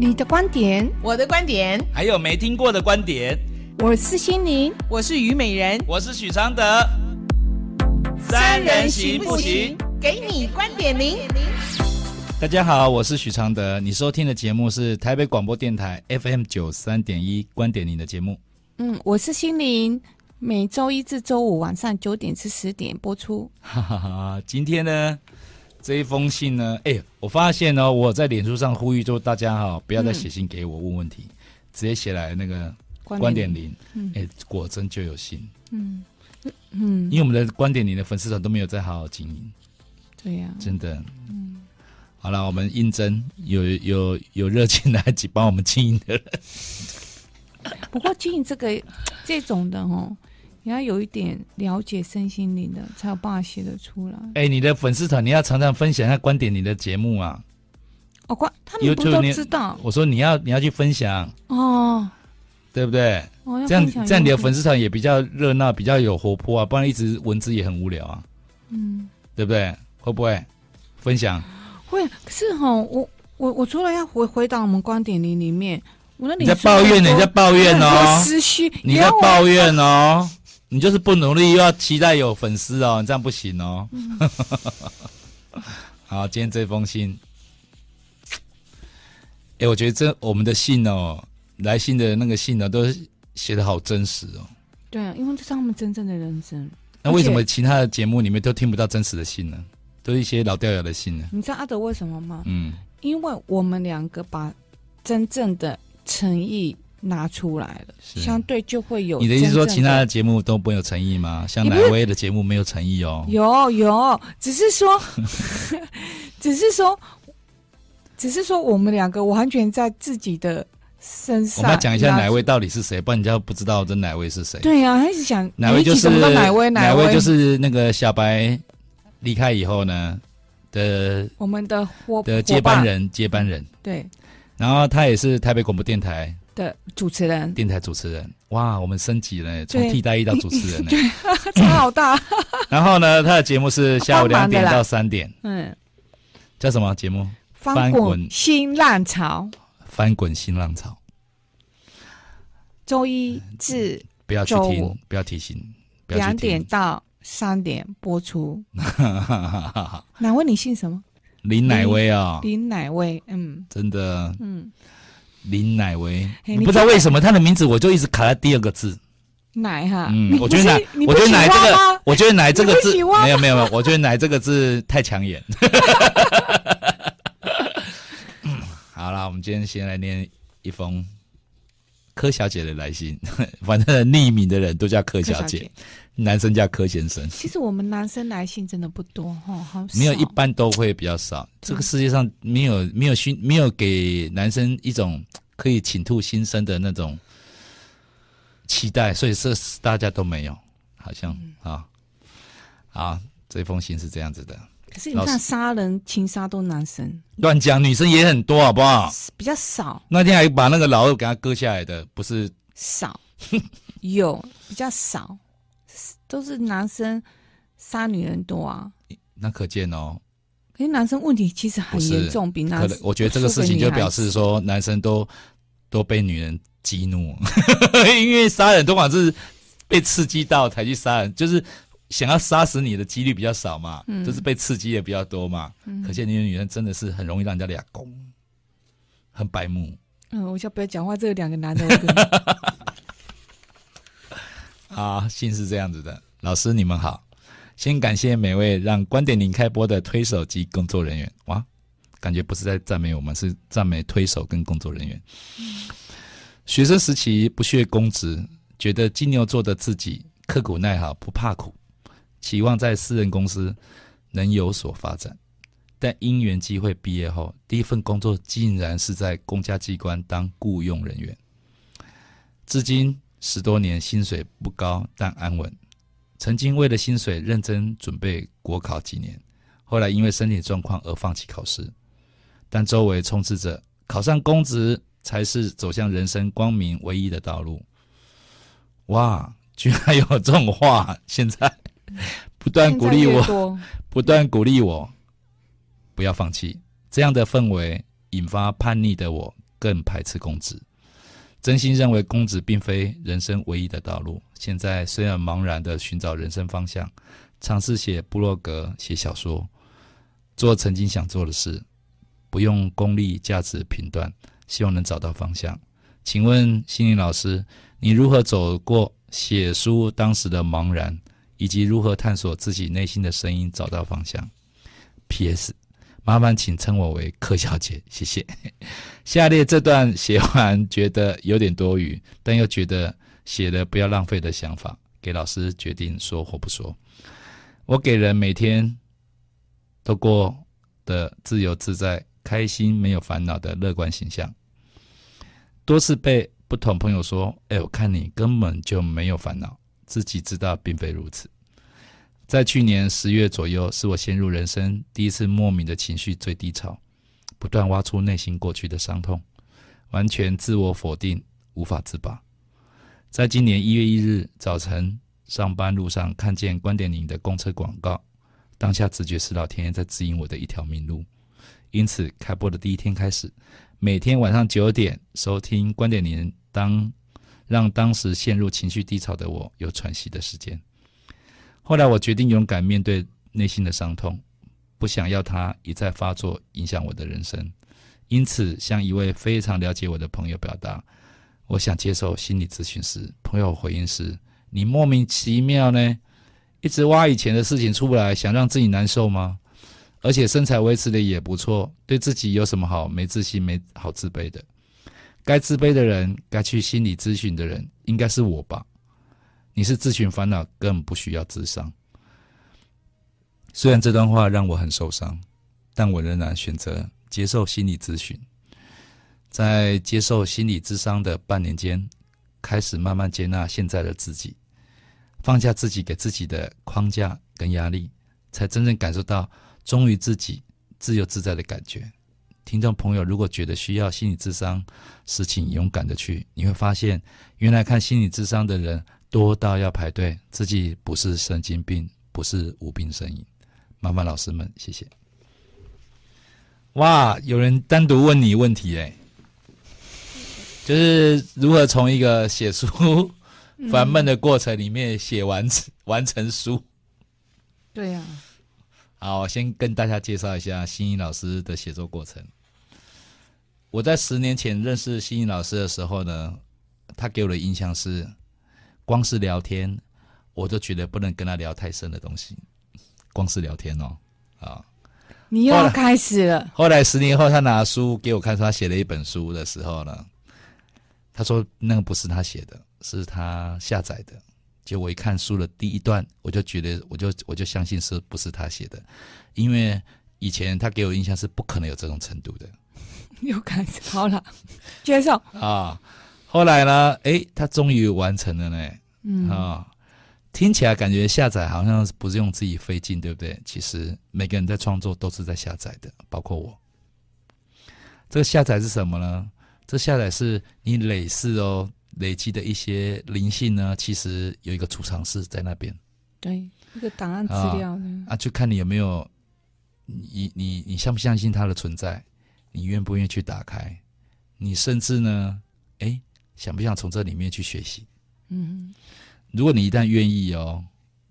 你的觀點，我的觀點，還有沒聽過的觀點。觀點我是心靈，我是虞美人，我是許常德，三人行不行？給你觀點您。大家好，我是許常德，你收聽的節目是台北廣播電台 FM 九三點一觀點您的節目。嗯，我是心靈，每週一至週五晚上九點至十點播出。哈哈哈，今天呢？這一封信呢，哎、欸，我發現呢、喔，我在臉書上呼籲，就大家哈、喔、不要再寫信給我問問題，嗯、直接寫來那個觀點,觀點零嗯，哎、欸，果真就有信。嗯嗯，嗯因為我們的觀點零的粉絲團都沒有再好好經營。對呀、啊，真的。嗯，好了，我們應徵有有有熱情來幫我們經營的人。不過經營這個 這種的哦。你要有一點了解身心靈的，才有辦法寫得出來。哎、欸，你的粉絲團，你要常常分享一下觀點，你的節目啊。哦，關他們不都知道。我說你要你要去分享哦，對不對？這樣、哦、這樣，這樣你的粉絲團也比較熱鬧，比較有活潑啊，不然一直文字也很無聊啊。嗯，對不對？會不會分享？會，可是吼，我我我除了要回回答我們觀點裡裡面，我在抱怨，你在抱怨哦、欸，說你在抱怨哦、喔。你就是不努力又要期待有粉絲哦，你這樣不行哦。嗯、 好，今天這封信，哎，我覺得這我們的信哦，來信的那個信呢、哦，都是寫的好真實哦。對啊，因為這是他們真正的人生。那為什麼其他的節目裡面都聽不到真實的信呢？且都是一些老掉牙的信呢？你知道阿德為什麼嗎？嗯，因為我們兩個把真正的誠意拿出來了，相對就會有。你的意思說，其他的節目都沒有誠意嗎？像哪位的節目沒有誠意哦？有有，只是說，只是說，只是說，我們兩個完全在自己的身上。我們要講一下哪位到底是誰，不然你就不知道這哪位是誰。對呀，他一直想哪位就是哪位，哪位就是那個小白離開以後呢的我們的的接班人、接班人對。然後他也是台北廣播電台主持人，電台主持人，哇，我們升級了，從替代役到主持人，差好大。然後呢，他的節目是下午兩點到三點，嗯，叫什麼節目？翻滾新浪潮，翻滾新浪潮。週一至，不要去聽，不要提醒，不要聽，兩點到三點播出。哪位？你姓什麼？林乃威啊，林乃威，嗯，真的，嗯。林乃威，嘿你不知道為什麼在他的名字，我就一直卡在第二個字“奶”哈。嗯，我覺得“奶”，我覺得“奶”這個，我覺得“奶”這個字，沒有沒有沒有，我覺得“奶”這個字太搶眼、 嗯。好啦，我們今天先來念一封柯小姐的來信， 反正匿名的人都叫柯小姐。男生叫柯先生，其實我們男生來信真的不多哈，好沒有，一般都會比較少。對這個世界上沒有沒有信，沒有給男生一種可以傾吐心聲的那種期待，所以是大家都沒有，好像、嗯、啊啊，這封信是這樣子的。可是你看實，殺人、情殺都男生，亂講，女生也很多，好不好？比較少。那天還把那個老二給他割下來的，不是少 有，比較少。都是男生殺女人多啊，欸，那可見哦。可是，欸，男生問題其實很嚴重，是比那我覺得這個事情就表示說男生都都被女人激怒， 因為殺人多半是被刺激到才去殺人，就是想要殺死你的幾率比較少嘛，嗯，就是被刺激也比較多嘛。嗯，可見你的女人真的是很容易讓人家倆攻，很白目。嗯，我就不要講話，這兩、個、個男的、那個。 啊，信是這樣子的，老師你們好，先感謝每位讓觀點您開播的推手及工作人員。哇，感覺不是在讚美我們，是讚美推手跟工作人員。嗯、學生時期不屑公職，覺得金牛座的自己刻苦耐勞，不怕苦，期望在私人公司能有所發展，但因緣際會畢業後，第一份工作竟然是在公家機關當僱用人員，至今。嗯十多年薪水不高，但安穩。曾經為了薪水認真準備國考幾年，後來因為身體狀況而放棄考試。但周圍充斥着考上公職才是走向人生光明唯一的道路。哇，居然有這種話！現在不斷鼓勵我，不斷鼓勵我，不要放棄。這樣的氛圍引發叛逆的我更排斥公職。真心認為，公子並非人生唯一的道路。現在雖然茫然地尋找人生方向，嘗試寫部落格、寫小說、做曾經想做的事，不用功利價值評斷，希望能找到方向。請問心靈老師，你如何走過寫書當時的茫然，以及如何探索自己內心的聲音，找到方向？P.S. 麻煩請稱我為柯小姐，謝謝。 下列這段寫完，覺得有點多餘，但又覺得寫了不要浪費的想法，給老師決定說或不說。我給人每天都過得自由自在、開心、沒有煩惱的樂觀形象，多次被不同朋友說：“哎，我看你根本就沒有煩惱。”自己知道並非如此。在去年十月左右，是我陷入人生第一次莫名的情緒最低潮，不斷挖出內心過去的傷痛，完全自我否定，無法自拔。在今年一月一日早晨上班路上，看見關點寧的公車廣告，當下直覺是老天爺在指引我的一條明路，因此開播的第一天開始，每天晚上九點收聽關點寧，當讓當時陷入情緒低潮的我有喘息的時間。後來我決定勇敢面對內心的傷痛，不想要它一再發作影響我的人生，因此向一位非常了解我的朋友表達，我想接受心理諮詢師。朋友回應是：你莫名其妙呢，一直挖以前的事情出不來，想讓自己難受嗎？而且身材維持的也不錯，對自己有什麼好沒自信、沒好自卑的？該自卑的人，該去心理諮詢的人，應該是我吧。你是自尋煩惱，更不需要諮商。雖然這段話讓我很受傷，但我仍然選擇接受心理諮詢。在接受心理諮商的半年間，開始慢慢接納現在的自己，放下自己給自己的框架跟壓力，才真正感受到忠於自己、自由自在的感覺。聽眾朋友，如果覺得需要心理諮商，事情勇敢的去，你會發現原來看心理諮商的人。多到要排隊，自己不是神經病，不是無病呻吟，麻煩老師們，謝謝。哇，有人單獨問你問題哎、欸，就是如何從一個寫書煩 悶的過程裡面寫完、嗯、完成書？對呀、啊。好，我先跟大家介紹一下新一老師的寫作過程。我在十年前認識新一老師的時候呢，他給我的印象是。光是聊天，我就覺得不能跟他聊太深的東西。光是聊天哦，啊、哦，你又要開始了後。後來十年後，他拿書給我看，說他寫了一本書的時候呢，他說那個不是他寫的，是他下載的。結果我一看書的第一段，我就覺得，我就我就相信是不是他寫的，因為以前他給我印象是不可能有這種程度的。又開始好了，接受啊。哦後來呢？哎，他終於完成了呢。嗯啊、哦，聽起來感覺下載好像不是用自己費勁，對不對？其實每個人在創作都是在下載的，包括我。這個下載是什麼呢？這個、下載是你累世哦累積的一些靈性呢，其實有一個儲藏室在那邊。對，一個檔案資料。哦嗯、啊，就看你有沒有，你你你，你相不相信它的存在？你願不願意去打開？你甚至呢？哎。想不想從這裡面去學習？嗯，如果你一旦願意哦，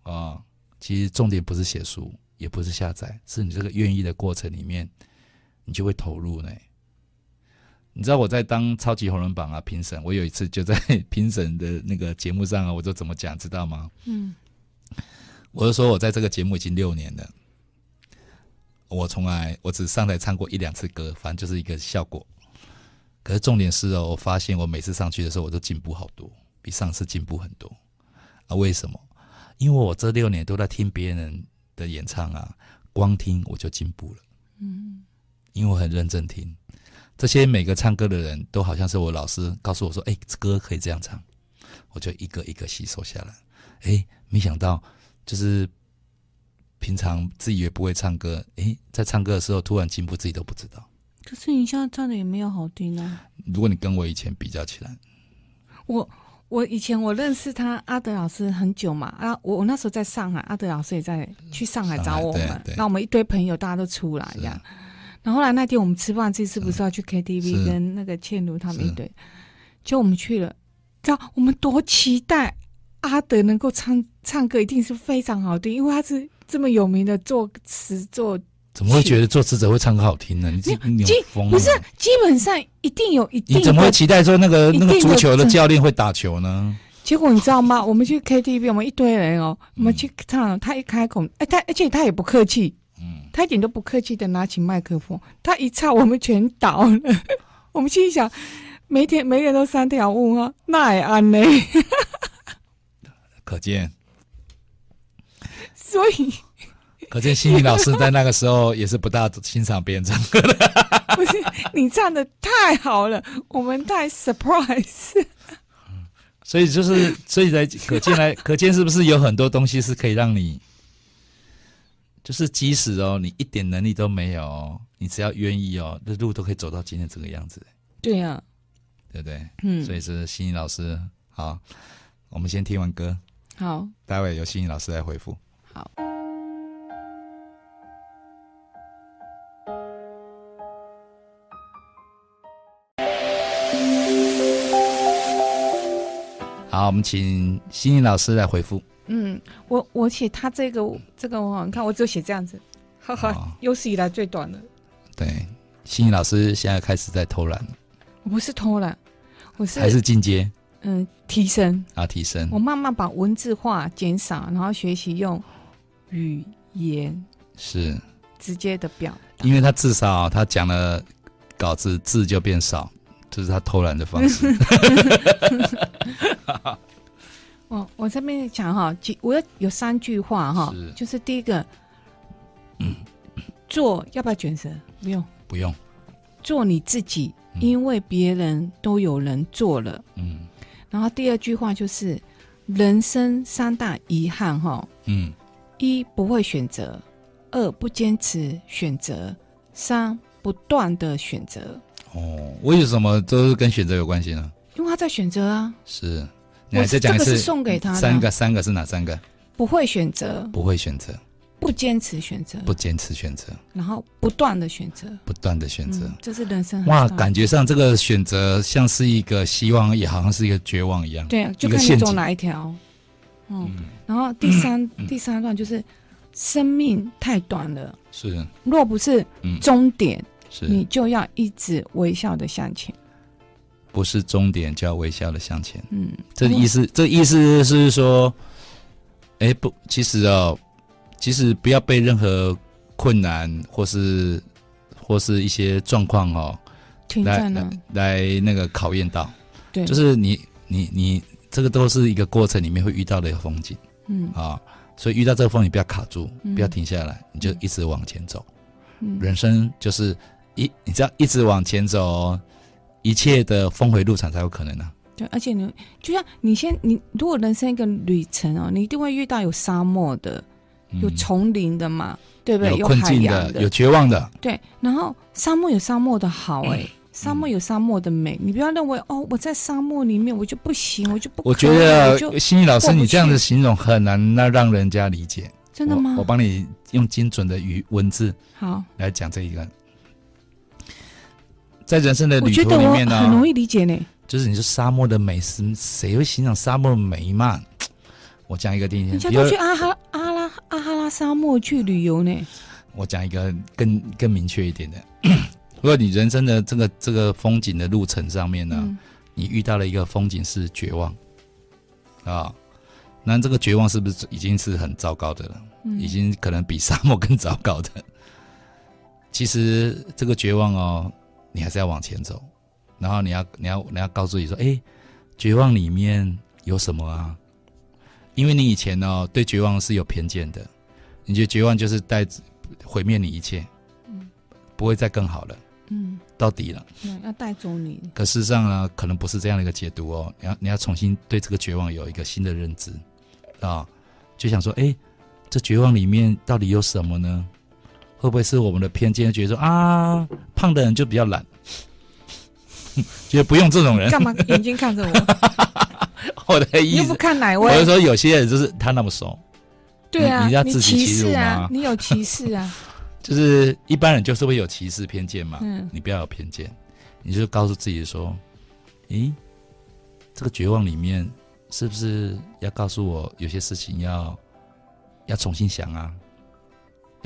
啊，其實重點不是寫書，也不是下載，是你這個願意的過程裡面，你就會投入呢。你知道我在當超級紅人榜啊評審，我有一次就在評審的那個節目上啊，我就怎麼講，知道嗎？嗯，我就說我在這個節目已經六年了，我從來我只上台唱過一兩次歌，反正就是一個效果。可是重點是哦，我發現我每次上去的時候，我都進步好多，比上次進步很多。啊，為什麼？因為我這六年都在聽別人的演唱啊，光聽我就進步了。嗯。因為我很認真聽這些，每個唱歌的人都好像是我老師告訴我說：“誒，這歌可以這樣唱。”我就一個一個吸收下來。誒，沒想到就是平常自己也不會唱歌，誒，在唱歌的時候突然進步，自己都不知道。可是你現在唱的也沒有好聽啊！如果你跟我以前比較起來我，我我以前我認識他阿德老師很久嘛，啊，我我那時候在上海，阿德老師也在去上海找我們，那我們一堆朋友大家都出來一、啊、樣。然後，後來那天我們吃飯，這次不是要去 KTV 跟那個倩茹他們一堆就我們去了，知道我們多期待阿德能夠唱唱歌，一定是非常好聽，因為他是這麼有名的作詞作。怎麼會覺得作詞者會唱歌好聽呢？你你不是、啊，基本上一定有一定。你怎麼會期待說那個那個足球的教練會打球呢？結果你知道嗎？ 我們去 KTV，我們一堆人哦、喔，我們去唱，嗯、他一開口，哎、欸，他而且他也不客氣，嗯、他一點都不客氣的拿起麥克風，他一唱，我們全倒了。 我們心想，每天每人都三條屋啊那也安呢？ 可見，所以。可見心怡老師在那個時候也是不大欣賞別人唱歌的。 不是，你唱得太好了，我們太 surprise。 所以就是，所以在可見來， 可見是不是有很多東西是可以讓你，就是即使哦，你一點能力都沒有，你只要願意哦，這路都可以走到今天這個樣子。對呀、啊，對不對？嗯。所以是心怡老師。好，我們先聽完歌。好，待會由心怡老師來回復。好。好，我們請心怡老師來回復。嗯，我我寫他這個我這個、哦，你看我只有寫這樣子，哈哈，哦、有史以來最短的。對，心怡老師現在開始在偷懶。我不是偷懶，我是還是進階。嗯，提升啊，提升。我慢慢把文字化減少，然後學習用語言是直接的表達。因為他至少他講了稿子字就變少，這、就是他偷懶的方式。 哈哈， 我我這邊講哈，我要有三句話哈，是就是第一個，嗯、做要不要選擇？不用，不用，做你自己，嗯、因為別人都有人做了。嗯。然後第二句話就是，人生三大遺憾哈，嗯，一不會選擇，二不堅持選擇，三不斷的選擇。哦，為什麼都是跟選擇有關係呢？因為他在選擇啊，是。我這個是送給他的三個，三個是哪三個？不會選擇，不會選擇，不堅持選擇，不堅持選擇，然後不斷的選擇，不斷的選擇，這是人生。哇，感覺上這個選擇像是一個希望，也好像是一個絕望一樣。對，就看你走哪一條。嗯。然後第三第三段就是生命太短了。是。若不是終點，你就要一直微笑的向前。不是終點，就要微笑的向前。嗯，這意思，嗯、這意思是說，哎、欸，不，其實哦，其實不要被任何困難或是或是一些狀況哦，停在來來，來那個考驗到。對，就是你你你，你，這個都是一個過程裡面會遇到的一個風景。嗯，啊，所以遇到這個風景不要卡住，嗯、不要停下來，你就一直往前走。嗯，人生就是一，你知道，一直往前走。一切的峰回路轉才有可能呢。對，而且你就像你先你，如果人生一個旅程哦，你一定會遇到有沙漠的，有叢林的嘛，對不對？有困境的，有絕望的。對，然後沙漠有沙漠的好哎，沙漠有沙漠的美。你不要認為哦，我在沙漠裡面我就不行，我就不。我覺得心怡老師你這樣的形容很難那讓人家理解。真的嗎？我幫你用精準的語文字好來講這一個。在人生的旅途裡面呢，很容易理解呢。就是你說沙漠的美是，誰會欣賞沙漠的美嘛？我講一個定義，你要去阿哈拉、啊、阿拉阿哈拉沙漠去旅遊呢。我講一個更更明確一點的， 如果你人生的這個這個風景的路程上面呢，嗯、你遇到了一個風景是絕望啊，那這個絕望是不是已經是很糟糕的了？嗯、已經可能比沙漠更糟糕的。其實這個絕望哦。你還是要往前走，然後你要你要你要，你要告訴自己說：“哎，絕望裡面有什麼啊？”因為你以前呢、哦、對絕望是有偏見的，你覺得絕望就是帶毀滅你一切，嗯，不會再更好了，嗯，到底了，對、嗯，要帶走你。可事實上呢，可能不是這樣的一個解讀哦。你要你要重新對這個絕望有一個新的認知啊、哦，就想說：“哎，這絕望裡面到底有什麼呢？”會不會是我們的偏見，覺得說啊，胖的人就比較懶，覺得不用這種人。你幹嘛？眼睛看着我。 我的意思，你不看哪位？我是說，有些人就是他那麼慫。對啊，你，你要自己欺你，歧視、啊、你有歧視啊？ 就是一般人就是會有歧視偏見嘛。嗯、你不要有偏見，你就告訴自己說：“誒，這個絕望裡面是不是要告訴我有些事情要要重新想啊？”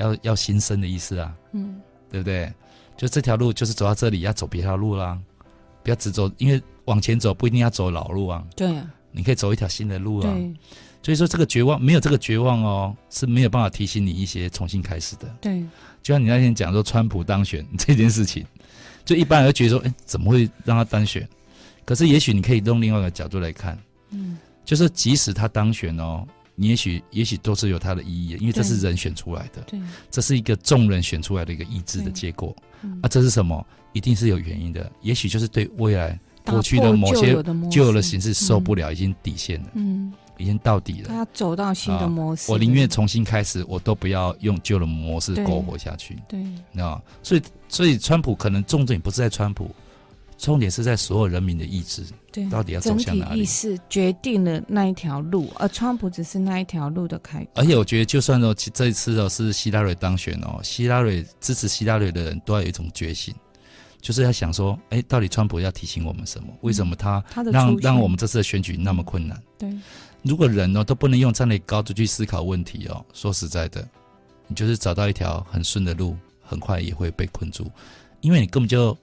要要新生的意思啊，嗯，對不對？就這條路就是走到這裡，要走別條路啦、啊，不要只走，因為往前走不一定要走老路啊。對啊，你可以走一條新的路啊。對。所以說，這個絕望沒有這個絕望哦，是沒有辦法提醒你一些重新開始的。對，就像你那天講說川普當選這件事情，就一般人會覺得說，哎，怎麼會讓他當選？可是也許你可以用另外一個角度來看，嗯，就是即使他當選哦。你也許也許都是有它的意義的，因為這是人選出來的，這是一個眾人選出來的一個意志的結果。嗯、啊，這是什麼？一定是有原因的。也許就是對未來過去的某些舊的形式受不了，已經底線了，嗯，已經到底了。他要走到新的模式，啊、我寧願重新開始，我都不要用舊的模式苟活下去。對，那所以，所以川普可能重點不是在川普，重點是在所有人民的意志。對到底要走向哪裡？是決定了那一條路，而川普只是那一條路的開端。而且我覺得，就算說、哦、這一次哦是希拉蕊當選哦，希拉蕊支持希拉蕊的人都要有一種覺醒，就是要想說，誒，到底川普要提醒我們什麼？為什麼他讓他讓我們這次的選舉那麼困難？對，如果人哦都不能用站在高度去思考問題哦，說實在的，你就是找到一條很順的路，很快也會被困住，因為你根本就。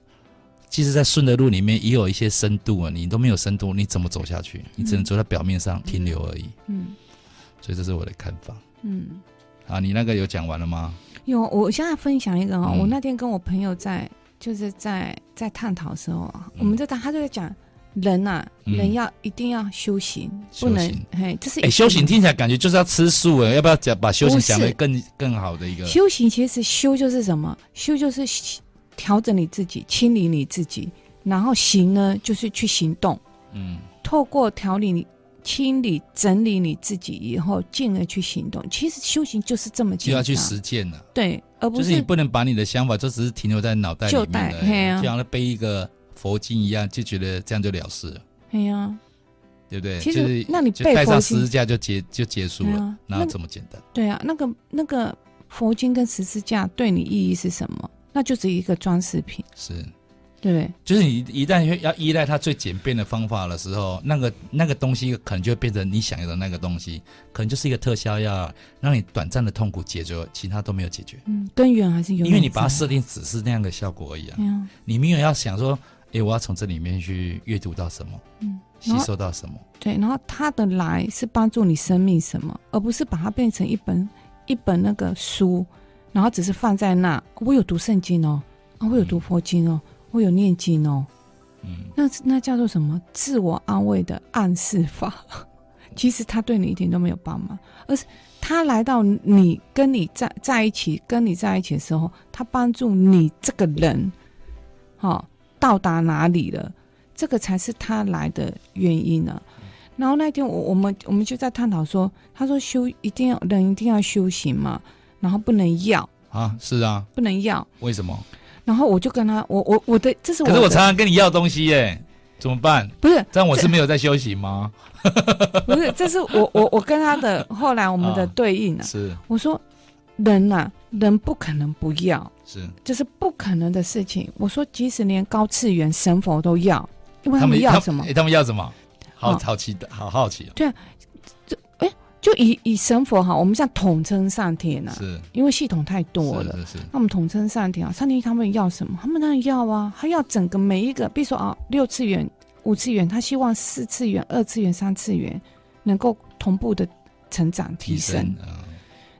其實，在順的路裡面也有一些深度啊，你都沒有深度，你怎麼走下去？你只能走在表面上停留而已。嗯，所以這是我的看法。嗯，啊，你那個有講完了嗎？有，我現在分享一個啊，我那天跟我朋友在就是在在探討的時候啊，我們就他就在講人吶，人要一定要修行，不能哎，就是哎，修行聽起來感覺就是要吃素哎，要不要講把修行講得更更好的一個？修行其實修就是什麼？修就是調整你自己，清理你自己，然後行呢，就是去行動。嗯，透過調理、你，清理、整理你自己，以後進而去行動。其實修行就是這麼簡單，就要去實踐了、啊。對，而不是就是你不能把你的想法就只是停留在腦袋裡面，就像背一個佛經一樣，就覺得這樣就了事了。哎呀、啊，對不對？其實、就是、那你背上十字架就結就結束了，哪有、啊、這麼簡單？對啊，那個那個佛經跟十字架對你意義是什麼？那就是一個，裝飾品，是，對不對，就是你一旦要依賴它最簡便的方法的時候，那個那個東西可能就會變成你想要的那個東西，可能就是一個特效藥，讓你短暫的痛苦解決，其他都沒有解決。嗯，根源還是有。因為你把它設定只是那樣的效果而已啊，沒有，嗯，你沒有要想說，誒，欸，我要從這裡面去閱讀到什麼，嗯，吸收到什麼，對，然後它的來是幫助你生命什麼，而不是把它變成一本一本那個書。然後只是放在那，我有讀聖經哦，啊，我有讀佛經哦，我有念經哦，那那叫做什麼自我安慰的暗示法？其實他對你一點都沒有幫忙，而是他來到你跟你在在一起，跟你在一起的時候，他幫助你這個人，好到達哪裡了，這個才是他來的原因啊。然後那天我我們我們就在探討說，他說修一定要人一定要修行嘛。然後不能要啊，是啊，不能要，為什麼？然後我就跟他，我我我的，這是我的，可是我常常跟你要東西耶，對怎麼辦？不是，這樣我是沒有在休息嗎？ 不是，這是我我我跟他的後來我們的對應啊，啊是，我說人吶、啊，人不可能不要，是，這是不可能的事情。我說，即使連高次元神佛都要，因為他們要什麼？哎、欸，他們要什麼？好、哦、好奇的，好好奇哦。對、啊。就以以神佛哈，我們像統稱上天吶、啊，是因為系統太多了。是，是，是。那我們統稱上天啊，上天他們要什麼？他們當然要啊，他要整個每一個，比如說啊，六次元、五次元，他希望四次元、二次元、三次元能夠同步的成長提升。提升啊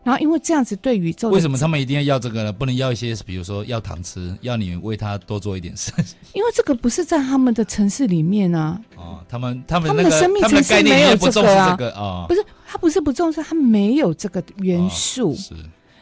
然後，因為這樣子對宇宙，為什麼他們一定要要這個呢？不能要一些，比如說要糖吃，要你為他多做一點事？因為這個不是在他們的城市裡面啊。哦、他們，他們，他們的生命城市、那個啊、沒有這個啊。哦、不是，他不是不重視，他沒有這個元素。哦、是。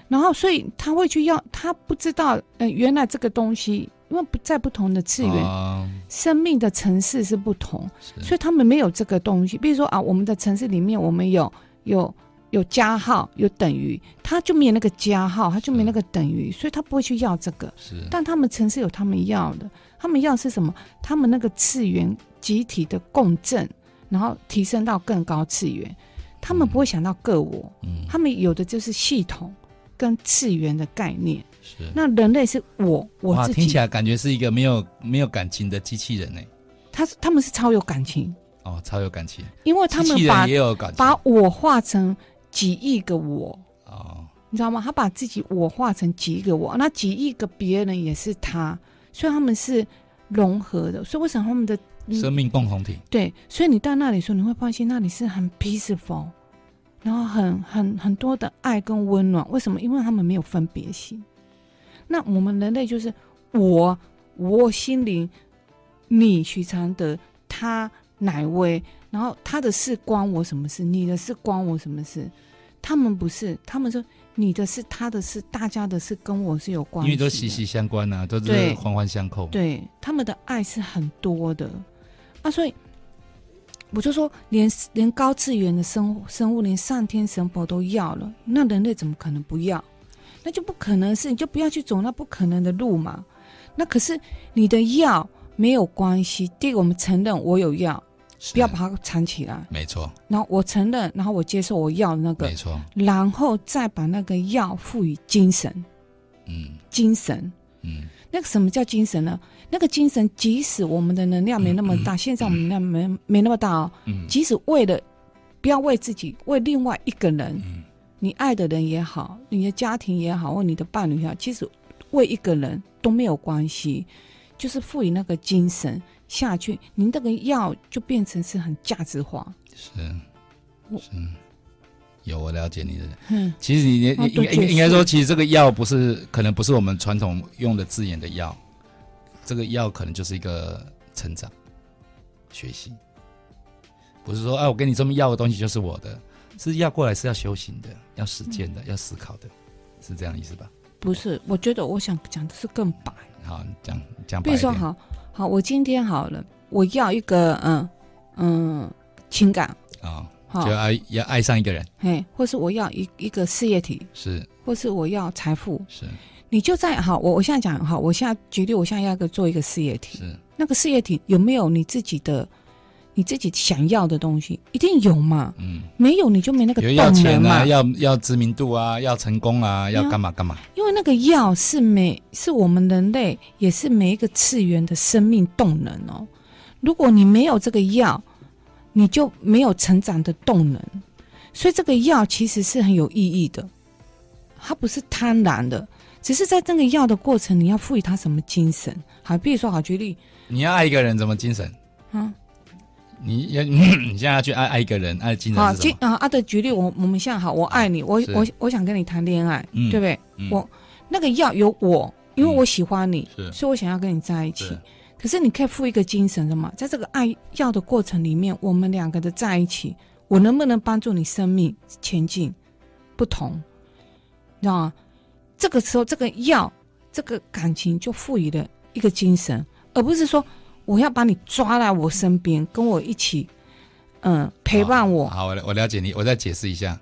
然後，所以他會去要，他不知道，嗯、呃、原來這個東西，因為不在不同的次元，哦、生命的城市是不同，是所以他們沒有這個東西。比如說啊，我們的城市裡面，我們有有。有加號，有等於，他就沒那個加號，他就沒那個等於，是所以他不會去要這個。是，但他們程式，有他們要的，他們要的是什麼？他們那個次元集體的共振，然後提升到更高次元，他們不會想到個我，嗯，他們有的就是系統跟次元的概念。是。那人類是我，我自己聽起來感覺是一個沒有沒有感情的機器人呢？他他們是超有感情哦，超有感情，因為他們把也有感情把我畫成，幾億個我，哦，oh。你知道嗎？他把自己我化成幾億個我，那幾億個別人也是他，所以他們是融合的，所以為什麼他們的生命共同體？對，所以你到那裡說，你會發現那裡是很 peaceful，然後很很很多的愛跟溫暖。為什麼？因為他們沒有分別心。那我們人類就是我，我心靈，你許常德，他。奶味，然後他的事關我什麼事？你的事關我什麼事？他們不是，他們說你的事，他的事，大家的事跟我是有關係的，因為都息息相關吶、啊，對都是環環相扣。對，他們的愛是很多的啊，所以我就說連，連連高次元的生生物，連上天神佛都要了，那人類怎麼可能不要？那就不可能是，你就不要去走那不可能的路嘛。那可是你的藥沒有關係，第一個我們承認我有藥。是不要把它藏起來，沒錯錯。然後我承認，然後我接受我要的那個，沒錯錯。然後再把那個藥賦予精神，嗯，精神，嗯，那個什麼叫精神呢？那個精神，即使我們的能量沒那麼大，嗯嗯、現在我們能量沒、嗯、沒那麼大哦，嗯。即使為了不要為自己，為另外一個人，嗯、你愛的人也好，你的家庭也好，或你的伴侶也好，即使為一個人都沒有關係，就是賦予那個精神。下去，您這個藥就變成是很價值化。是，嗯我，有我了解你的人。嗯，其實你實你應應該說，其實這個藥不是可能不是我們傳統用的字眼的藥，這個藥可能就是一個成長、學習，不是說哎、啊，我跟你這麼要的東西就是我的，是要過來是要修行的、要實踐的、嗯、要思考的，是這樣意思吧？不是，嗯、我覺得我想講的是更白。好，講講，白比說好。好，我今天好了，我要一個嗯嗯情感啊，哦、好，就愛要愛上一個人，嘿，或是我要一一個事業體是，或是我要財富是，你就在好，我我現在講好，我現在決定，我現在要做一個做一個事業體，是，那個事業體有沒有你自己的你自己想要的東西，一定有嘛，嗯，沒有你就沒那個、啊、要錢嘛、啊，要要知名度啊，要成功啊，啊要幹嘛幹嘛。那個藥是每是我們人類，也是每一個次元的生命動能哦。如果你沒有這個藥，你就沒有成長的動能。所以這個藥其實是很有意義的，它不是貪婪的，只是在這個藥的過程，你要賦予它什麼精神。好，比如說好，好舉例，你要愛一個人，怎麼精神？啊，你要呵呵你現在要去愛愛一個人，愛精神？好，今啊，阿德舉例，我我們現在好，我愛你，我我我想跟你談戀愛，嗯、對不對？嗯、我。那個藥有我，因為我喜歡你，嗯、所以我想要跟你在一起。是是可是你可以付一個精神的嘛，在這個愛藥的過程裡面，我們兩個的在一起，我能不能幫助你生命前進？不同，你知道嗎？這個時候，這個藥，這個感情就賦予了一個精神，而不是說我要把你抓來我身邊，跟我一起，嗯、呃，陪伴我。好，我我了解你，我再解釋一下。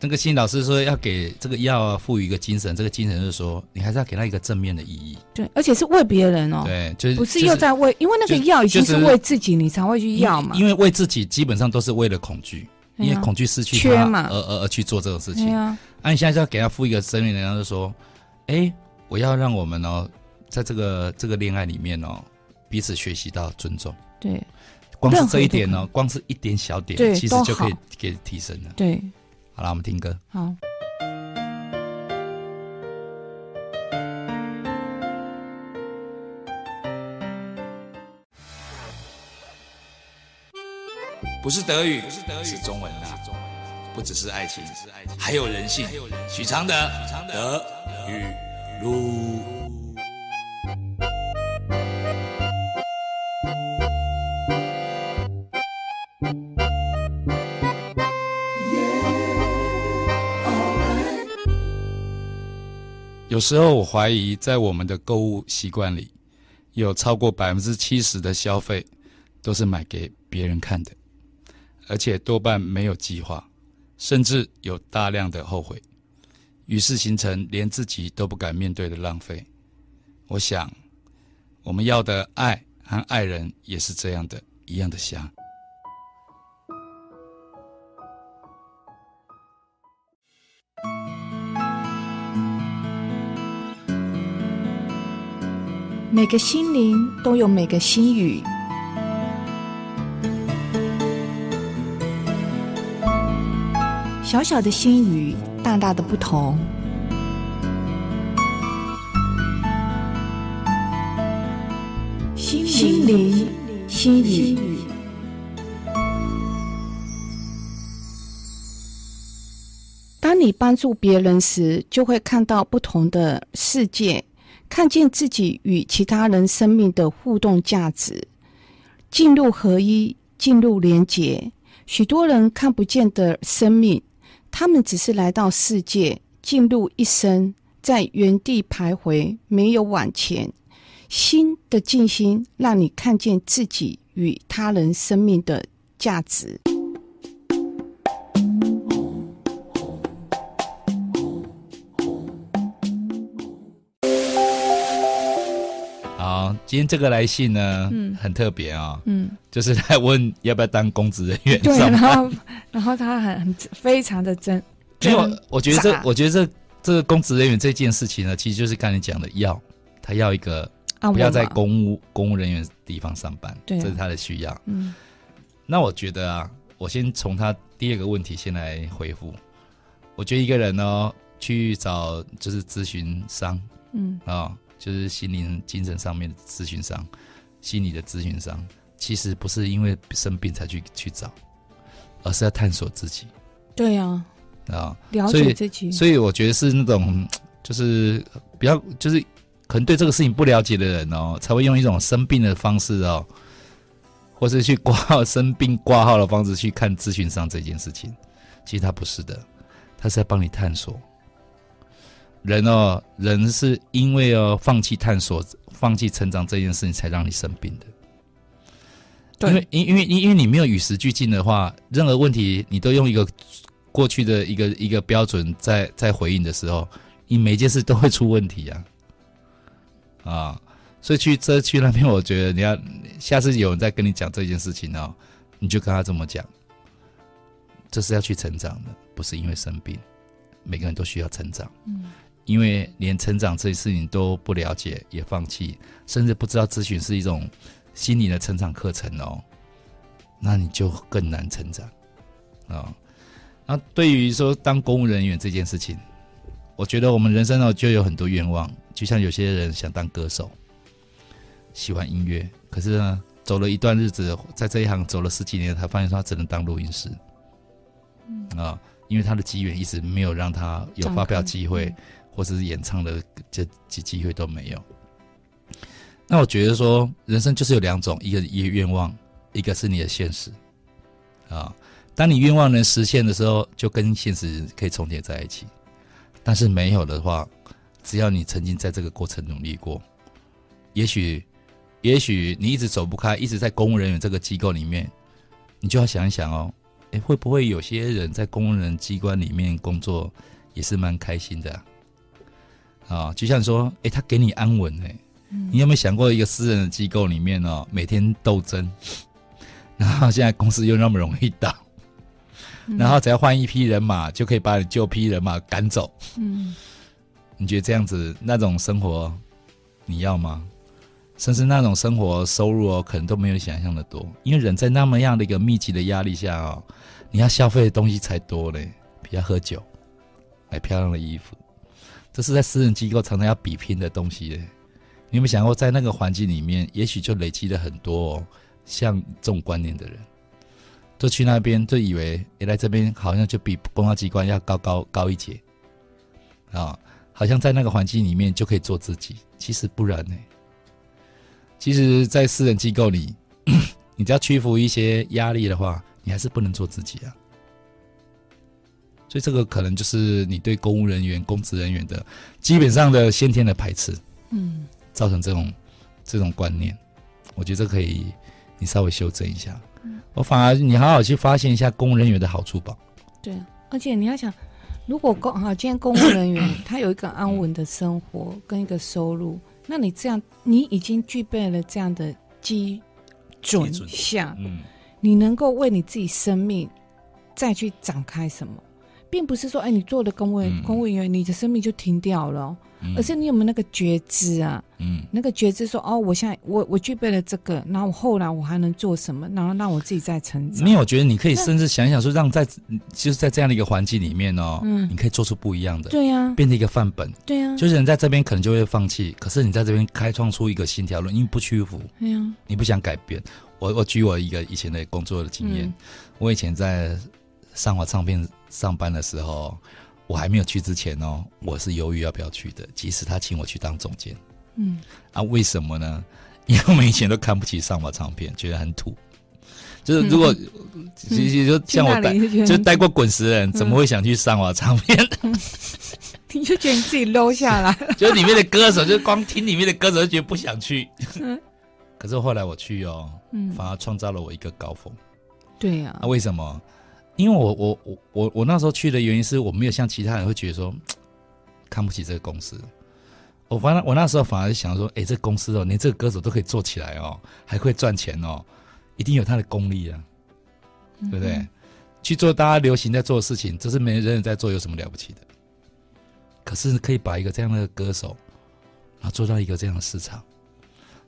那個新老師說要給這個藥賦予一個精神，這個精神就是說，你還是要給他一個正面的意義。對，而且是為別人哦。對，就是不是又在為，因為那個藥已經是為自己，你才會去要嘛，就是。因為為自己，基本上都是為了恐懼，嗎因為恐懼失去他嘛。而而嗎而去做這種事情。啊，啊你現在就要給他賦予一個正面的，然後，就是說，哎，欸，我要讓我們哦，在這個這個戀愛裡面哦，彼此學習到尊重。對，光是這一點哦，光是一點小點，其實就可以給提升了。對。好了，我們聽歌。好，不是德語，是中文啊，不只是愛情，還有人性。許常德，德語錄。有時候我懷疑，在我們的購物習慣裡，有超過百分之七十的消費都是買給別人看的，而且多半沒有計劃，甚至有大量的後悔，於是形成連自己都不敢面對的浪費。我想，我們要的愛和愛人也是這樣的，一樣的瞎。每個心靈都有每個心語，小小的心語，大大的不同。心靈，心靈，心語。當你幫助別人時，就會看到不同的世界。看見自己與其他人生命的互動價值，進入合一，進入連結。許多人看不見的生命，他們只是來到世界，進入一生，在原地徘徊，沒有往前。新的靜心，讓你看見自己與他人生命的價值。今天這個來信呢，嗯、很特別啊、哦，嗯，就是來問要不要當公職人員。對，然後，然後他很很非常的真。因為我，真我覺得這，砸我覺得這這個公職人員這件事情呢，其實就是剛才講的要他要一個不要在公務、啊、公務人員地方上班，對啊、這是他的需要。嗯，那我覺得啊，我先從他第二個問題先來回覆。我覺得一個人哦去找就是諮詢商，嗯啊。哦就是心靈、精神上面的諮詢商，心理的諮詢商，其實不是因為生病才去去找，而是在探索自己。對呀，啊，哦、了解自己。所以，所以我覺得是那種就是比較就是可能對這個事情不了解的人哦，才會用一種生病的方式哦，或是去掛號生病掛號的方式去看諮詢商這件事情，其實他不是的，他是在幫你探索。人哦，人是因為哦放棄探索，放棄成長這件事情，才讓你生病的。對，因為因因為因為你沒有與時俱進的話，任何問題你都用一個過去的一個一個標準在在回應的時候，你每件事都會出問題呀。啊。啊，所以去這去那邊，我覺得你要下次有人再跟你講這件事情哦，你就跟他這麼講，這是要去成長的，不是因為生病。每個人都需要成長。嗯。因為連成長這件事情都不了解，也放棄，甚至不知道諮詢是一種心理的成長課程哦，那你就更難成長啊、哦。那對於說當公務人員這件事情，我覺得我們人生就有很多願望，就像有些人想當歌手，喜歡音樂，可是呢，走了一段日子，在這一行走了十幾年，他發現說他只能當錄音師啊、嗯哦，因為他的機緣一直沒有讓他有發表機會。嗯嗯或者是演唱的這幾機會都沒有。那我覺得說，人生就是有兩種，一個一個願望，一個是你的現實啊。當你願望能實現的時候，就跟現實可以重疊在一起。但是沒有的話，只要你曾經在這個過程努力過，也許，也許你一直走不開，一直在公務人員這個機構裡面，你就要想一想哦，誒，會不會有些人在公務人機關裡面工作也是蠻開心的啊？啊、哦，就像說，哎、欸，他給你安穩哎，嗯、你有沒有想過一個私人的機構裡面呢、哦，每天鬥爭，然後現在公司又那麼容易倒，嗯、然後只要換一批人馬就可以把你舊批人馬趕走。嗯，你覺得這樣子那種生活你要嗎？甚至那種生活收入哦，可能都沒有想象的多，因為人在那麼樣的一個密集的壓力下哦，你要消費的東西才多嘞，比如喝酒、買漂亮的衣服。這是在私人機構常常要比拼的東西，你有沒有想過，在那個環境裡面，也許就累積了很多像這種觀念的人，就去那邊，就以為你、欸、來這邊好像就比公家機關要高高高一截啊，好像在那個環境裡面就可以做自己，其實不然呢。其實，在私人機構裡，你只要屈服一些壓力的話，你還是不能做自己啊。所以這個可能就是你對公務人員、公職人員的基本上的先天的排斥，嗯，造成這種、嗯、這種觀念。我覺得可以你稍微修正一下，嗯，我反而你好好去發現一下公務人員的好處吧。對啊，而且你要想，如果公好，今天公務人員他有一個安穩的生活跟一個收入，嗯，那你這樣你已經具備了這樣的基準下，嗯，你能夠為你自己生命再去展開什麼？並不是說，哎，你做了公務員、公務員，你的生命就停掉了，而是你有沒有那個覺知啊？嗯，那個覺知說，哦，我現在我我具備了這個，然後我後來我還能做什麼？然後讓我自己再成長。沒有，我覺得你可以甚至想一想說，讓在就是在這樣的一個環境裡面哦，你可以做出不一樣的，對呀，變成一個範本，對呀，就是人在這邊可能就會放棄，可是你在這邊開創出一個新條路，因為不屈服，對呀，你不想改變。我我舉我一個以前的工作的經驗，我以前在。上華唱片上班的時候，我還沒有去之前哦，我是猶豫要不要去的。即使他請我去當總監，嗯，啊，為什麼呢？因為我們以前都看不起上華唱片，覺得很土。就是如果、嗯、其實就像我帶就帶過滾石人，怎麼會想去上華唱片？嗯嗯、你就覺得你自己 low 下來了。就裡面的歌手，就光聽裡面的歌手，就覺得不想去。嗯，可是後來我去哦，嗯、反而創造了我一個高峰。對呀、啊，那、啊、為什麼？因為我我我我我那時候去的原因是我沒有像其他人會覺得說，看不起這個公司。我反而我那時候反而想說，哎，這公司哦，連這個歌手都可以做起來哦，還會賺錢哦，一定有他的功力啊，嗯、對不對？去做大家流行在做的事情，這是沒人人在做，有什麼了不起的？可是可以把一個這樣的歌手，然後做到一個這樣的市場。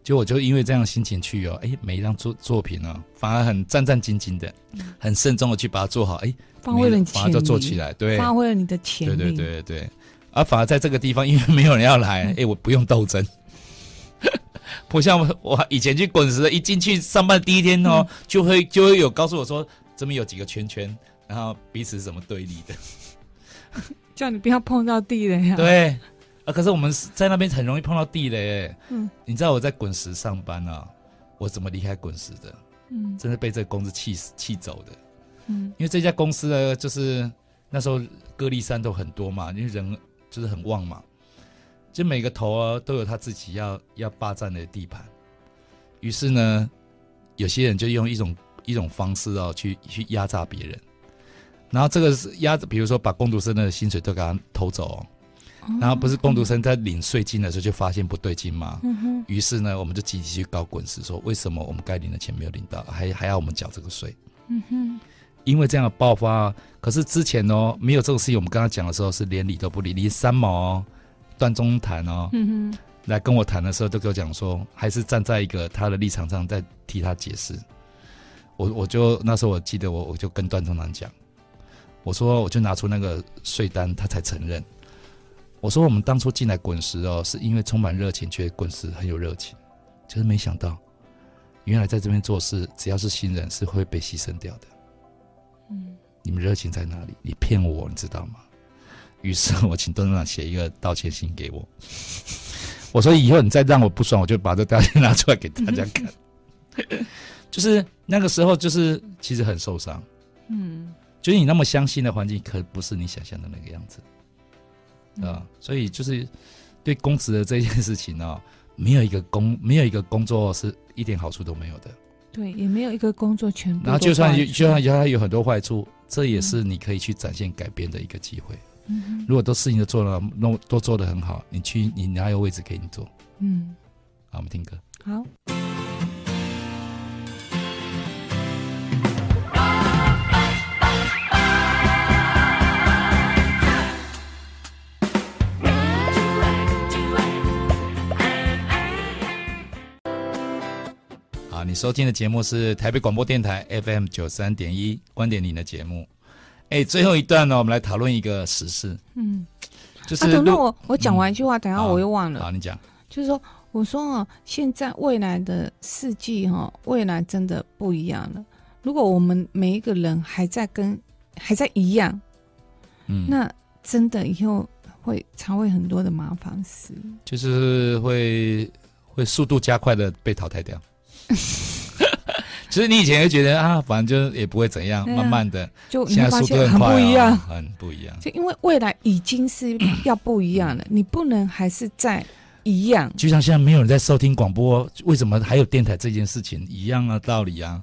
就我就因為這樣的心情去哦，哎，每一張作作品哦，反而很戰戰兢兢的，嗯、很慎重的去把它做好，哎，發揮了潛力，發揮了你的潛力，對對對對對而、啊、反而在這個地方，因為沒有人要來，哎、嗯，我不用鬥爭， 不像我以前去滾石的，一進去上班第一天哦，嗯、就會就會有告訴我說，這邊有幾個圈圈，然後彼此是怎麼對立的， 叫你不要碰到地雷呀，對。啊！可是我們在那邊很容易碰到地雷。嗯，你知道我在滾石上班啊，我怎麼離開滾石的？嗯，真是被這個公司氣死氣走的。嗯，因為這家公司呢，就是那時候各立山頭很多嘛，因為人就是很旺嘛，就每個頭啊都有他自己要要霸佔的地盤。於是呢，有些人就用一種一種方式哦，去去壓榨別人。然後這個是壓，比如說把工讀生的薪水都給他偷走，哦。然後不是工讀生在領稅金的時候就發現不對勁嘛，嗯哼。於是呢，我們就積極去搞滾石，說為什麼我們該領的錢沒有領到，還還要我們繳這個稅？嗯哼。因為這樣的爆發，可是之前哦，沒有這個事情，我們跟他講的時候是連理都不理。連三毛、哦，段鍾潭哦，嗯哼，來跟我談的時候都跟我講說，還是站在一個他的立場上在替他解釋。我我就那時候我記得我我就跟段鍾潭講，我說我就拿出那個稅單，他才承認。我說我們當初進來滾石哦，是因為充滿熱情，覺得滾石很有熱情，就是沒想到，原來在這邊做事，只要是新人是會被犧牲掉的。嗯，你們熱情在哪裡？你騙我，你知道嗎？於是我請董事長寫一個道歉信給我。 我說以後你再讓我不爽，我就把這道歉拿出來給大家看。嗯，就是那個時候，就是其實很受傷。嗯，就你那麼相信的環境，可不是你想象的那個樣子。啊、嗯，所以就是，對公職的這件事情呢、啊，沒有一個工，沒有一個工作是一點好處都沒有的。對，也沒有一個工作全部。然後就算就，就算有它有很多壞處，對這也是你可以去展現改變的一個機會。嗯，如果都事情都做了，弄都做得很好，你去，你哪有位置給你做。嗯，好，我們聽歌。好。你收聽的節目是台北廣播電台 FM 九三點一觀點零的節目。哎、欸，最後一段呢，我們來討論一個時事。嗯，就是、啊、等我，我講完一句話，嗯、等一下我又忘了。好，好，你講，就是說，我說啊、哦，現在未來的世紀哈、哦，未來真的不一樣了。如果我們每一個人還在跟還在一樣，嗯，那真的以後會常會很多的麻煩事。就是會會速度加快的被淘汰掉。其實 你以前會覺得啊，反正就是也不會怎樣，啊、慢慢的，就你會發現很不一樣很不一樣。一樣就因為未來已經是要不一樣了， 你不能還是再一樣。就像現在沒有人在收聽廣播，為什麼還有電台這件事情一樣啊？道理啊。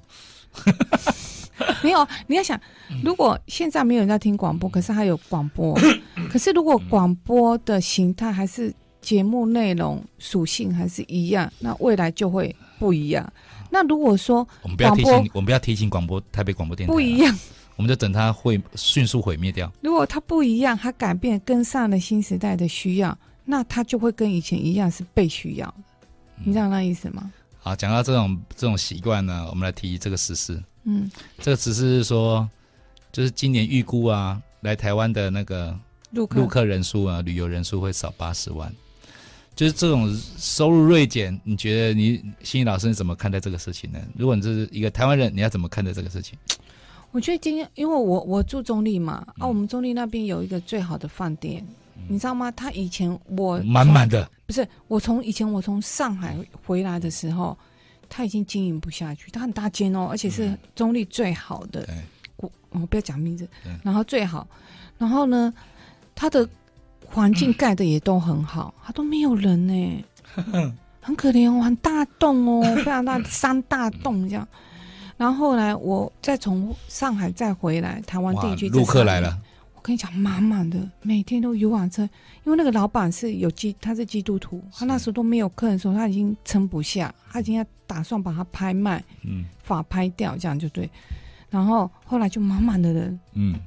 沒有，你要想，如果現在沒有人在聽廣播，嗯、可是還有廣播，嗯、可是如果廣播的形態還是。節目內容屬性還是一樣，那未來就會不一樣。那如果說我們不要提醒，播我們不要提醒廣播，台北廣播電台不一樣，我們就等它會迅速毀滅掉。如果它不一樣，它改變跟上了新時代的需要，那它就會跟以前一樣是被需要的。嗯、你知道那意思嗎？好，講到這種這種習慣呢，我們來提這個時事。嗯，這個時事是說，就是今年預估啊，來台灣的那個陸客人數啊，嗯、旅遊人數會少八十萬。就是這種收入銳減，你覺得你心宇老師，你怎麼看待這個事情呢？如果你是一個台灣人，你要怎麼看待這個事情？我覺得今天，因為我我住中立嘛、嗯、啊，我們中立那邊有一個最好的飯店，嗯、你知道嗎？他以前我滿滿的不是我從以前我從上海回來的時候，他已經經營不下去，他很大間哦，而且是中立最好的，嗯、我對、哦、不要講名字，對然後最好，然後呢，他的。環境蓋的也都很好，他、嗯、都沒有人呢、欸，很可憐哦，很大棟哦，非常大，三大棟這樣。嗯、然後後來我再從上海再回來，台灣地區陸客來了，我跟你講，滿滿的，每天都有往車。因為那個老闆是有是基，他是基督徒，他那時候都沒有客人的時候，他已經撐不下，他已經要打算把它拍賣，嗯，法拍掉這樣就對。然後後來就滿滿的人，嗯。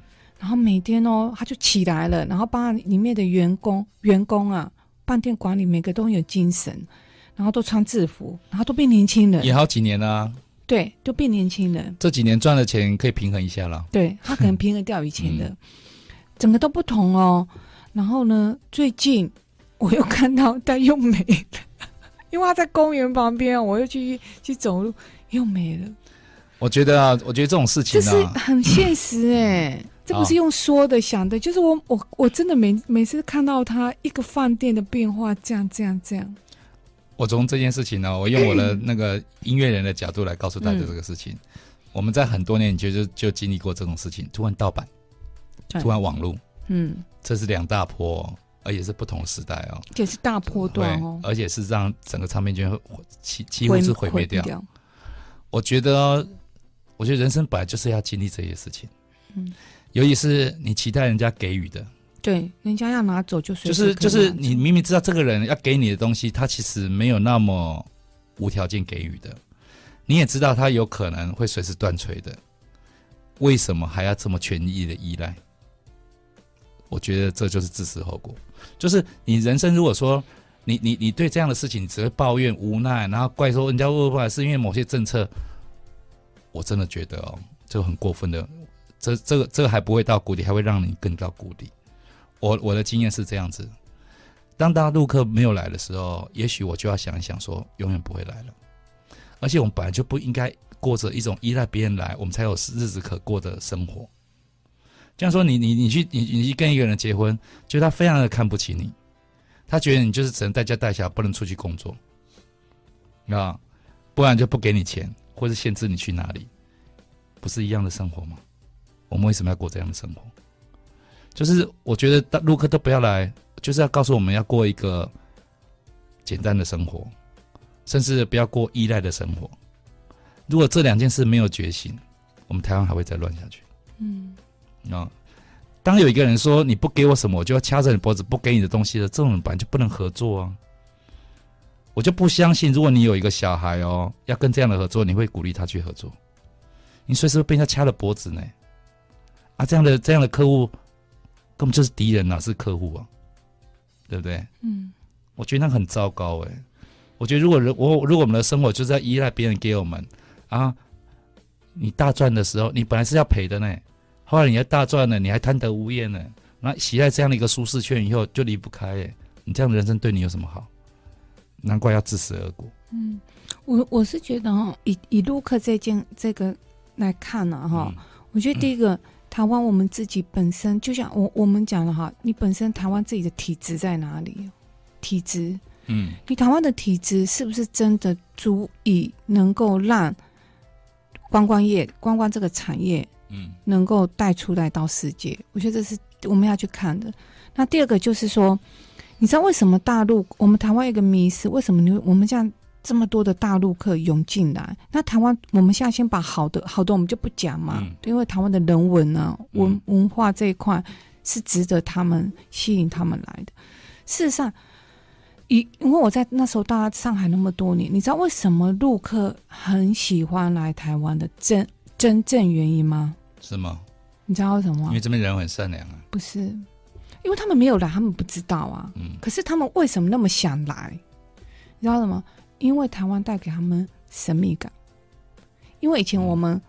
然後每天哦，他就起來了，然後幫裡面的員工員工啊，飯店管理每個都很有精神，然後都穿制服，然後都變年輕人，也好幾年了、啊，對，都變年輕人。這幾年賺的錢，可以平衡一下了。對，他可能平衡掉以前的，嗯、整個都不同哦。然後呢，最近我又看到，但又沒了， 因為他在公園旁邊，我又去去走路，又沒了。我覺得啊，我覺得這種事情啊，是很現實哎、欸。嗯不是用說的，想的，哦、就是我，我，我真的每每次看到他一個飯店的變化，這，這樣，這樣，這樣。我從這件事情呢、哦，我用我的那個音樂人的角度來告訴大家這個事情。嗯、我們在很多年就，就就就經歷過這種事情，突然盜版，突然網路，嗯，這是兩大波、哦，而且是不同時代哦，哦而且是大波段，而且是讓整個唱片圈幾幾乎是毀滅掉。掉我覺得、哦，我覺得人生本來就是要經歷這些事情，嗯。尤其是你期待人家給予的，對，人家要拿走就就是就是、就是，你明明知道這個人要給你的東西，他其實沒有那麼無條件給予的，你也知道他有可能會隨時斷錘的，為什麼還要這麼全意的依賴？我覺得這就是自食後果。就是你人生如果說你你你對這樣的事情，你只會抱怨無奈，然後怪說人家為什是因為某些政策，我真的覺得哦，就很過分的。這這個這個還不會到谷底，還會讓你更到谷底。我我的經驗是這樣子，當大陸客沒有來的時候，也許我就要想一想，說永遠不會來了。而且我們本來就不應該過着一種依賴別人來我們才有日子可過的生活。這樣說你，你你你去你你去跟一個人結婚，就他非常的看不起你，他覺得你就是只能在家帶小孩，不能出去工作，啊，不然就不給你錢，或者限制你去哪裡，不是一樣的生活嗎？我們為什麼要過這樣的生活？就是我覺得，大陸客都不要來，就是要告訴我們要過一個簡單的生活，甚至不要過依賴的生活。如果這兩件事沒有決心，我們台灣還會再亂下去。嗯，啊，當有一個人說你不給我什麼，我就要掐着你脖子不給你的東西了，這種人本來就不能合作啊。我就不相信，如果你有一個小孩哦，要跟這樣的合作，你會鼓勵他去合作？你隨時會被人家掐了脖子呢？啊，這樣的這樣的客戶根本就是敵人吶、啊，是客戶啊，對不對？嗯，我覺得那很糟糕哎、欸。我覺得如果如我如果我們的生活就是在依賴別人給我們啊，你大賺的時候你本來是要賠的呢，後來你要大賺了你還貪得無厭呢，那習慣這樣的一個舒適圈以後就離不開哎、欸，你這樣的人生對你有什麼好？難怪要自食惡果。嗯，我我是覺得哈、哦，以以陸客這件這個來看呢哈、哦，嗯、我覺得第一個。嗯台灣，我們自己本身就像我我們講的哈，你本身台灣自己的體質在哪裡？體質，嗯，你台灣的體質是不是真的足以能夠讓觀光業、觀光這個產業，嗯，能夠帶出來到世界？嗯，我覺得這是我們要去看的。那第二個就是說，你知道為什麼大陸我們台灣一個迷思？為什麼你我們這樣？這麼多的大陸客湧進來，那台灣，我們現在先把好的好的，我們就不講嘛。嗯、因為台灣的人文啊文文化這一塊是值得他們吸引他們來的。事實上，以，因為我在那時候到上海那麼多年，你知道為什麼陸客很喜歡來台灣的真真正原因嗎？是嗎？你知道什麼？因為這邊人很善良啊。不是，因為他們沒有來，他們不知道啊。嗯。可是他們為什麼那麼想來？你知道什麼？因為台灣帶給他們神祕感，因為以前我們、嗯、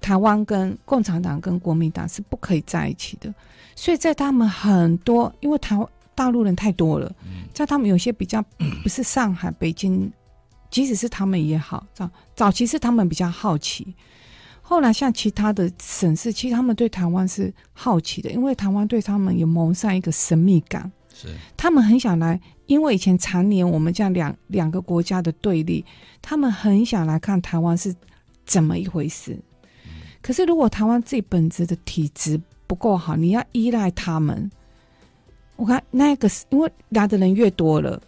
台灣跟共產黨跟國民黨是不可以在一起的，所以在他們很多，因為台大陸人太多了，嗯、在他們有些比較、嗯、不是上海、北京，即使是他們也好，早早期是他們比較好奇，後來像其他的省市，其實他們對台灣是好奇的，因為台灣對他們也蒙上一個神祕感，是他們很想來。因為以前常年我們這樣兩兩個國家的對立，他們很想來看台灣是怎麼一回事。可是如果台灣自己本質的體質不夠好，你要依賴他們，我看那個是因為來的人越多了，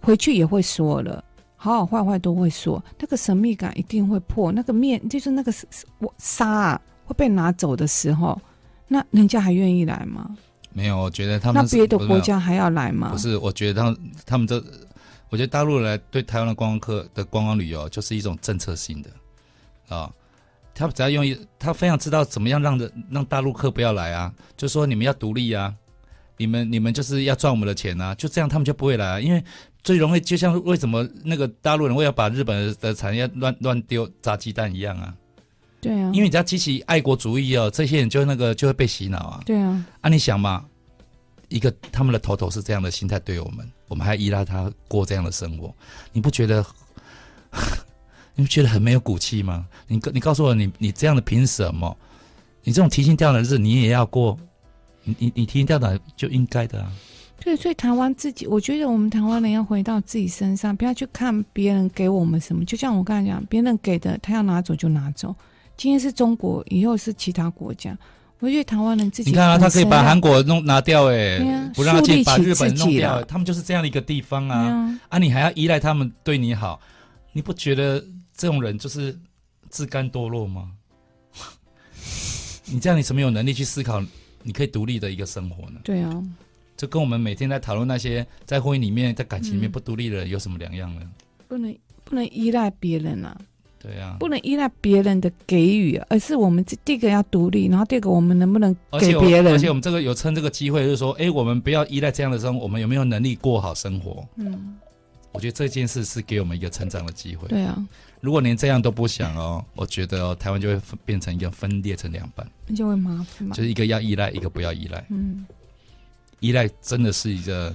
回去也會說了，好好壞壞都會說，那個神秘感一定會破，那個面就是那個我沙、啊、會被拿走的時候，那人家還願意來嗎？沒有，我覺得他們那別的國家還要來嗎？不是，我覺得他們他們都，我覺得大陸人來對台灣的觀光客的觀光旅遊就是一種政策性的啊、哦，他只要用一他非常知道怎麼樣讓的讓大陸客不要來啊，就說你們要獨立啊，你們你們就是要賺我們的錢啊，就這樣他們就不會來，啊，因為最容易就像為什麼那個大陸人會要把日本的產業亂亂丟砸雞蛋一樣啊。對啊，因為你只要激起愛國主義哦，這些人就那個就會被洗腦啊。對啊，啊，你想嘛，一個他們的頭頭是這樣的心態對我們，我們還依賴他過這樣的生活，你不覺得？你不覺得很沒有骨氣嗎？你你告訴我你，你你這樣的憑什麼？你這種提心吊膽的日子，你也要過？你你你提心吊膽就應該的啊。對，所以台灣自己，我覺得我們台灣人要回到自己身上，不要去看別人給我們什麼。就像我剛才講，別人給的，他要拿走就拿走。今天是中國，以後是其他國家。我覺得台灣人自己人你看啊，他可以把韓國弄拿掉，欸，哎，啊，不讓他進，把日本弄掉，他們就是這樣的一個地方啊。啊，啊，你還要依賴他們對你好，你不覺得這種人就是自甘墮落嗎？ 你這樣，你什麼有能力去思考你可以獨立的一個生活呢？對啊，就跟我們每天在討論那些在婚姻裡面在感情裡面不獨立的人有什麼兩樣呢？嗯、不能不能依賴別人啊。對啊，不能依賴別人的給予，而是我們第一個要獨立，然後第二個我們能不能給別人？而且我們這個有趁這個機會，就是說，哎、欸，我們不要依賴這樣的生活，我們有沒有能力過好生活？嗯，我覺得這件事是給我們一個成長的機會。對啊，如果連這樣都不想哦，我覺得哦，台灣就會變成一個分裂成兩半，就會麻煩嘛。就是一個要依賴，一個不要依賴。嗯，依賴真的是一個。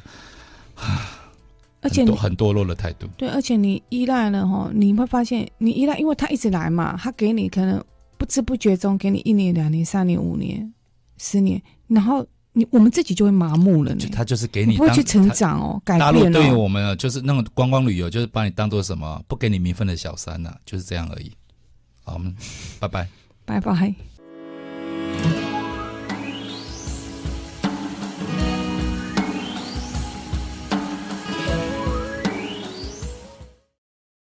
很多很墮落的態度，對，而且你依賴了哈，你會發現你依賴，因為他一直來嘛，他給你可能不知不覺中給你一年、兩年、三年、五年、十年，然後你我們自己就會麻木了。就他就是給你，你不會去成長哦，他改變、哦。大陸對於我們就是那種觀光旅遊，就是把你當做什麼不給你名分的小三呢、啊，就是這樣而已。好，我們拜拜， 拜拜。